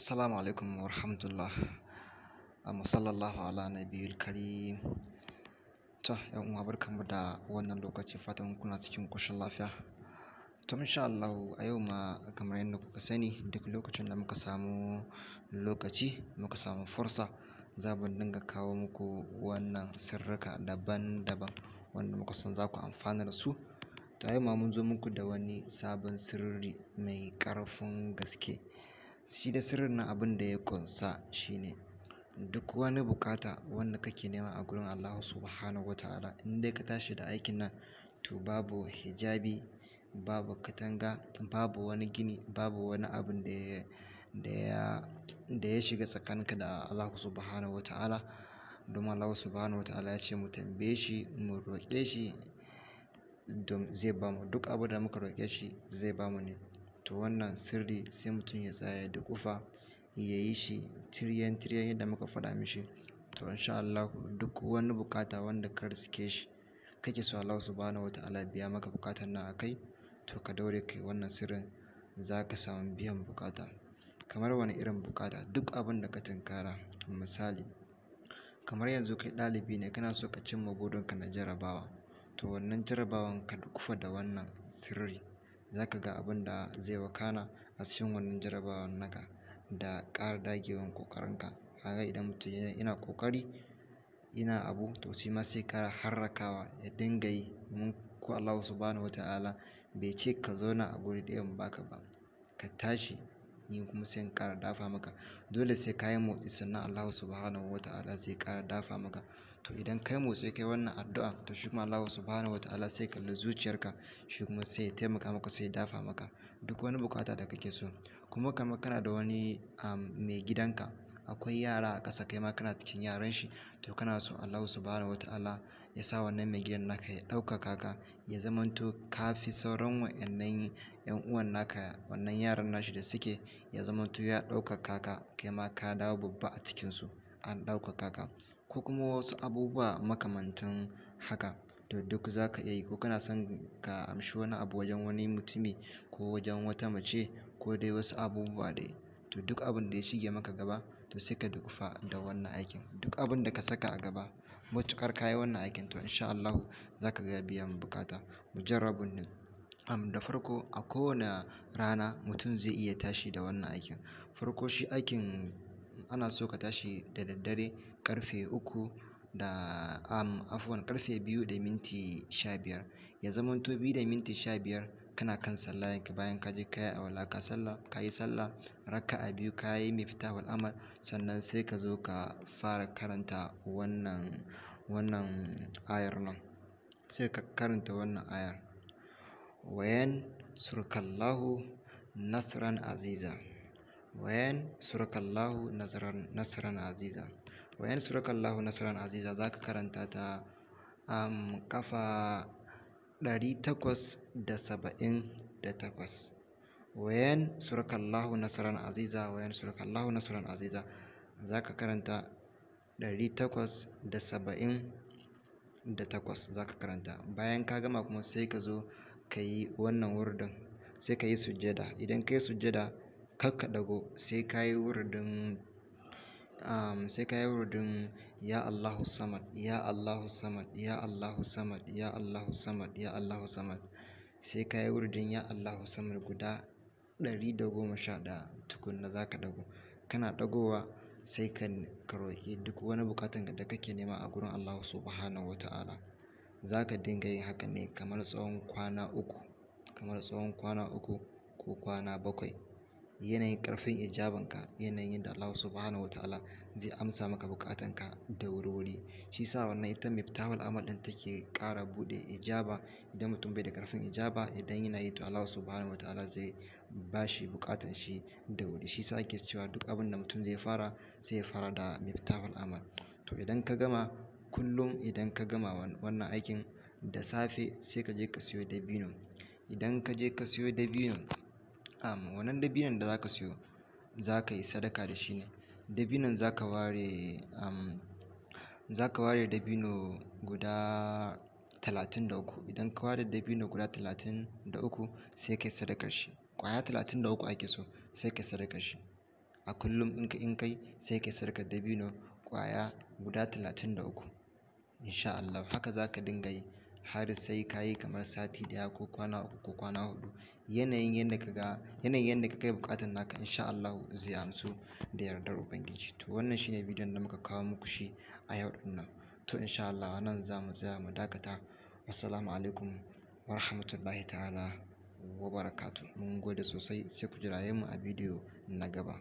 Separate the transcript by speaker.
Speaker 1: Assalamu alaikum wa rahmatullah. A sallallahu ala nabiyil karim. To, ‘yan uwa kama da wannan lokaci fatan kuna cikin kushin lafiya. To, insha Allah a yau ma kamar yadda kuka sani duk lokacin da muka samu lokaci muka samu fursa za mu dinga kawo muku wannan sirrika daban-daban wanda muka san za ku amfana da su. To, a yau ma mun zo muku da wani sabon sirri mai ƙarfin gaske. Shi da sirrin nan abin da ya ƙunsa shine duk wani bukata wanda kake nema a gurin Allahu Subhanahu wa ta'ala in dai ka tashi da aikin nan to babu hijabi, babu katanga, babu wani gini, babu wani abin da ya, da ya, da ya shiga tsakaninka da Allahu Subhanahu wa ta'ala. Domin Allahu Subhanahu wa ta'ala ya ce mu tambaye shi, mu roƙe shi, dom zai bamu. Duk abin da muka roƙe shi zai bamu ne. To wannan sirri sai mutum ya tsaya da kufa ya yi shi tiryan tiryan yadda muka faɗa mishi. To in sha Allahu duk wani bukata wanda ka riske shi kake so Allah Subhanahu wataala biya maka bukatan nan a kai, to ka daure kai wannan sirrin za ka samu biyan bukata. Kamar wani irin bukata? Duk abinda da ka tinkara. Misali, kamar yanzu kai ɗalibi ne kana so ka cimma burinka na jarabawa. To wannan jarabawan ka kufa da wannan sirri. za ka ga abin da zai wakana a cikin wannan jarabawar naka da ƙara dagewan ƙoƙarinka. Kaga idan mutum yana ƙoƙari yana abu to shi ma sai ka harrakawa ya dinga yi. Domin ko Allah Subhanahu wata'ala bai ce ka zauna a guri ɗaya in baka ba. Ka tashi ni kuma sai in ƙara dafa maka. Dole sai ka yi motsi sannan Allahu Subhanahu wata'ala zai ƙara dafa maka. to idan kai motsi kai wannan addu'a to shi kuma Allah subhanahu wataala sai kalli zuciyarka shi kuma sai ya taimaka maka sai ya dafa maka duk wani bukata da kake so kuma kamar kana da wani mai gidanka akwai yara a ƙasa kai ma kana cikin yaran shi to kana so Allah subhanahu wataala ya sa wannan mai gidan naka ya ɗaukaka ka ya zamanto ka fi sauran wa'annan yan uwan naka wannan yaran nashi da suke ya zamanto ya ɗaukaka ka kai ma ka dawo babba a cikinsu an ɗaukaka ka ko kuma wasu abubuwa makamantan haka to duk za ka iya yi ko kana son ka amshi wani abu wajen wani mutumi ko wajen wata mace ko dai wasu abubuwa dai to duk abin da ya shige maka gaba to sai ka dukufa da wannan aikin duk abin da ka saka a gaba matukar ka wannan aikin to insha Allah za ka ga biyan buƙata mujarrabun ne am da farko a kowane rana mutum zai iya tashi da wannan aikin farko shi aikin ana so ka tashi da daddare ƙarfe uku da am afuwan ƙarfe biyu da minti sha biyar. Ya zama zamanto biyu da minti sha biyar kana kan sallah yanka bayan ka je ka yi alwala ka sallah ka yi sallah a biyu ka yi miftahul amal sannan sai ka zo ka fara karanta wannan wannan ayar nan. Sai ka karanta wannan ayar. Wayan surkallahu nasran aziza. wayan surakallahu nasran aziza wayan surakallahu nasran aziza za ka karanta ta um, kafa 878 wayan surakallahu nasran aziza wayan surakallahu nasran aziza za ka karanta 878 za ka karanta bayan ka gama kuma sai ka zo ka yi wannan wurdin sai ka yi sujjada idan ka yi sujjada kar ka ɗago sai ka yi wurdin um, sai ka yi wurdin ya Allahu samad ya Allahu samad ya Allahu samad ya Allahu samad ya Allahu samad sai ka yi wurdin ya Allahu samad guda ɗari da goma sha ɗaya tukunna za ka ɗago kana ɗagowa sai ka ka roƙi duk wani buƙatan da kake nema a gurin Allah subhanahu wa ta'ala za ka dinga yin haka ne kamar tsawon kwana uku kamar tsawon kwana uku ko kwana bakwai yanayin ƙarfin ijabanka yanayin yadda Allah subhanahu wataala zai amsa maka bukatanka da wuri-wuri shi sa wannan ita miftahul amal ɗin take ƙara buɗe ijaba idan mutum bai da ƙarfin ijaba idan yana yi to Allah subhanahu wataala zai bashi bukatan shi da wuri shi sa ake cewa duk abin da mutum zai fara sai ya fara da miftahul amal to idan ka gama kullum idan ka gama wannan aikin da safe sai ka je ka siyo dabino idan ka je ka siyo dabino am wannan dabinan da za ka siyo za ka yi sadaka da shi ne dabinan za ka ware am ware dabino guda talatin da uku idan ka ware dabino guda talatin da uku sai ka yi sadakar shi ƙwaya talatin da uku ake so sai ka yi sadakar shi a kullum in ka in kai sai ka yi sadakar dabino ƙwaya guda talatin da uku insha Allah haka za ka dinga yi har sai ka yi kamar sati daya ko kwana uku ko kwana huɗu. Yanayin yadda ka ka kai naka in sha Allahu zai amsu da yardar Ubangiji. To wannan shine bidiyon da muka kawo muku shi a yau nan. To insha Allah nan za mu tsaya mu dakata. Wassalamu alaikum wa rahmatullahi ta'ala wa barakatu. Mun gode sosai sai ku jira mu a bidiyo na gaba.